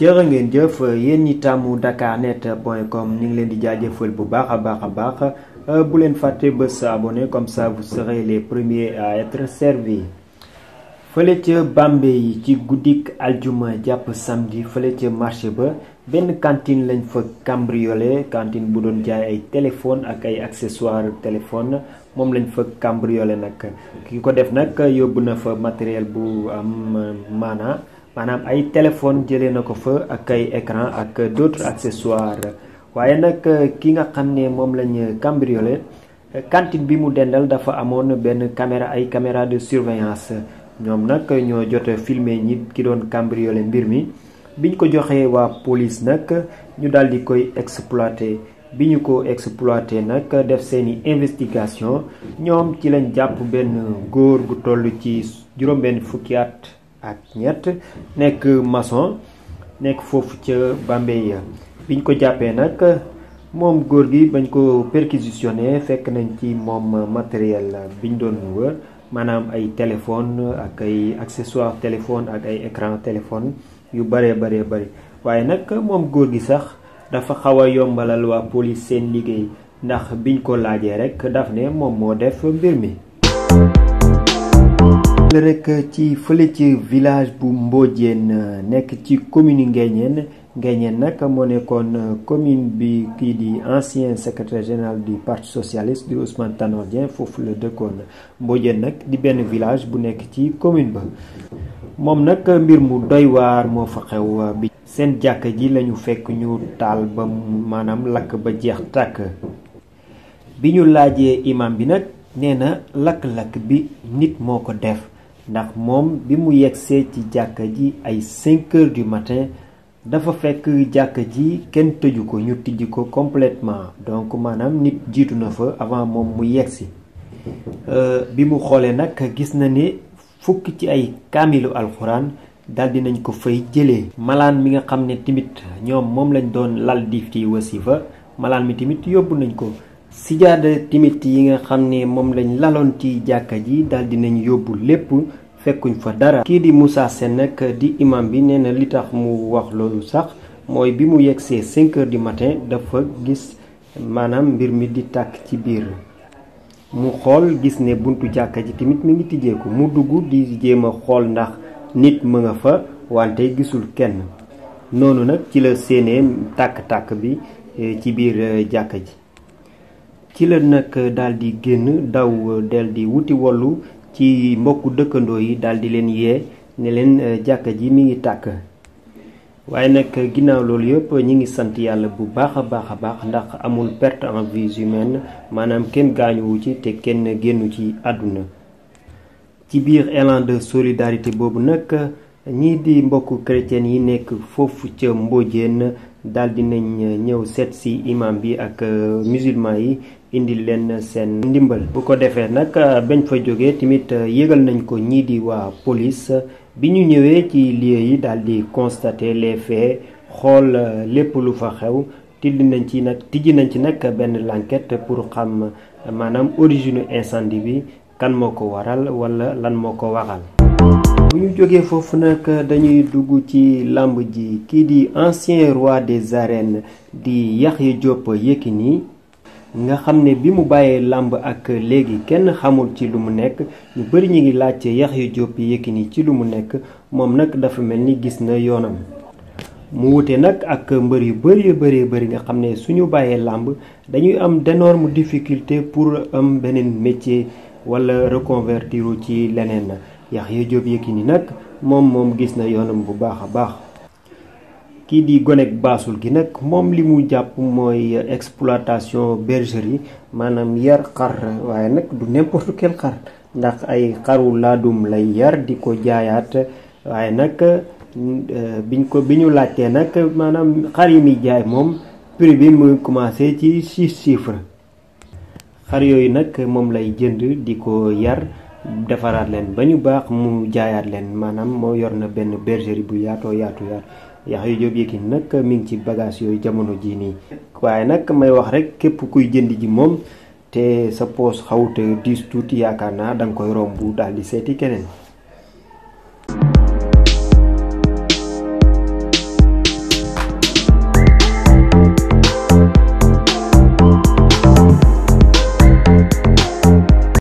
jërë ngeen jëf yéen ñi tàmmu dakarnet point comme ni ngi leen di jaajëfal bu baax a baax a baax euh, bu leen fàtte bés abonné comme ça vous serez les premiers à être fële ca Bambey yi ci guddik aljuma jàpp samedi fële ca marché ba benn cantine lañ fa cambriolé cantine bu doon jaay ay téléphone ak ay accessoires téléphone moom lañ fa cambriolé nag ki ko def nag yóbbu na fa matériel bu am maanaa maanaam ay téléphone jële na ko fa ak ay écran ak d'autres accessoires waaye nag euh, ki nga xam ne moom lañ cambriolé euh, cantine bi mu dendal dafa amoon benn caméra ay caméra de surveillance ñoom nag ñoo jot a filmé ñi ki doon cambriolé mbir mi biñ ko joxee waa police nag ñu daal di koy exploité bi ñu ko exploité nag def seeni investigation ñoom ci lañ jàpp benn góor gu toll ci juróom benn fukki at ak ñett nekk mason nekk foofu ca Bambey biñ ko jàppee nag moom góor gi bañ ko perquisitionné fekk nañ ci moom bi biñ doon wër maanaam ay téléphone ak ay accessoire téléphone ak ay écran téléphone yu bëree bëree bëri waaye nag moom góor gi sax dafa xaw a yombalal waa police seen liggéey ndax biñ ko laajee rek daf ne moom moo def mbir mi la ci fële ci village bu Mbodiène nekk ci commune Nguéniène Nguéniène nag moo nekkoon commune bi kii di ancien secretaire général du parti socialiste di Ousmane Tanor foofu la dëkkoon Mbodiène nag di benn village bu nekk ci commune ba moom nag mbir mu doy waar moo fa xew bi seen jàkk ji lañu fekk ñu taal ba maanaam lakk ba jeex tàkk bi ñu laajee imam bi nag nee na lakk-lakk bi nit moo ko def ndax moom bi mu yegsee ci jàkka ji ay 5 heures du matin dafa fekk jàkka ji kenn tëju ko ñu tijj ko completement donc maanaam nit jiitu na fa avant moom mu yegsi euh, bi mu xoolee nag gis na ni fukk ci ay kaamilu alxuraan daal nañ ko fay jëlee malaan mi nga xam ne tamit ñoom moom lañ doon lal di fi wasifa malaan mi tamit yóbbu nañ ko sijaada timit yi nga xam ne moom lañ laloon ci jàkka ji daal dinañ yóbbu lépp fekkuñ fa dara kii di Moussa Sène nag di imam bi nee na li tax mu wax loolu sax mooy bi mu yegsee 5 heures di matin dafa gis maanaam mbir mi di tàkk ci biir mu xool gis ne buntu jàkka ji timit mi ngi tijjeeku mu dugg di jéem a xool ndax nit mu nga fa wante gisul kenn noonu nag ci la séenee tàkk-tàkk bi eh, ci biir eh, jàkka ji ci la nag daal di génn daw del di wuti wollu ci mbokku dëkkandoo yi daal di leen yee ne leen e, jàkka ji mi ngi tàkk waaye nag ginnaaw loolu yëpp ñi ngi sant yàlla bu baax a baax a baax ndax amul perte en vies humaines maanaam kenn gaañuwu ci te kenn génnu ci àdduna ci biir élan de solidarité boobu nag ñi di mbokk chrétiens yi nekk foofu ca Mbodiène daal nañ eh, ñëw seet si imam bi ak eh, musulman yi indi leen seen ndimbal bu ko defee nag eh, bañ fa jógee tamit yëgal nañ ko ñii di waa police bi ñu ñëwee ci lieu yi daal di constater les faits xool lépp lu fa xew tijji nañ ci nag tijji nañ ci nag benn enquête pour xam maanaam origine incendie bi kan moo ko waral wala lan moo ko waxal bu ñu jógee foofu nag dañuy dugg ci làmb ji kii di ancien roi des arènes di Yaxya Diop Yékini nga xam ne bi mu bàyyee làmb ak léegi kenn xamul ci lu mu nekk ñu bëri ñu ngi laajte Yaxya Diop Yékini ci lu mu nekk moom nag dafa mel ni gis na yoonam mu wute nag ak mbër yu bëri bëree bëri nga xam ne suñu bàyyee làmb dañuy am d'énormes difficultés pour am beneen métier wala reconvertir ci leneen Yaxya Jóob ni nag moom moom gis na yoonam bu baax a baax kii di gonek baasul gi nag moom li mu jàpp mooy exploitation bergerie maanaam yar xar waaye nag du n'importe quel xar ndax ay xaru laadum lay yar di ko jaayaat waaye nag euh, biñ ko bi ñu laajtee nag maanaam xar yi muy jaay moom prix bi mu commencé ci six chiffres xar yooyu nag moom lay jënd di ko yar defaraat leen ba ñu baax mu jaayaat leen maanaam moo yor na benn bergerie bu yaatoo yaatu yaatu Yaxya Jóob Yékini nag mi ngi ci bagage yooyu jamono jii nii waaye nag may wax rek képp kuy jënd ji moom te sa poos xawuta diis tuuti yaakaar naa danga koy romb daal di seeti keneen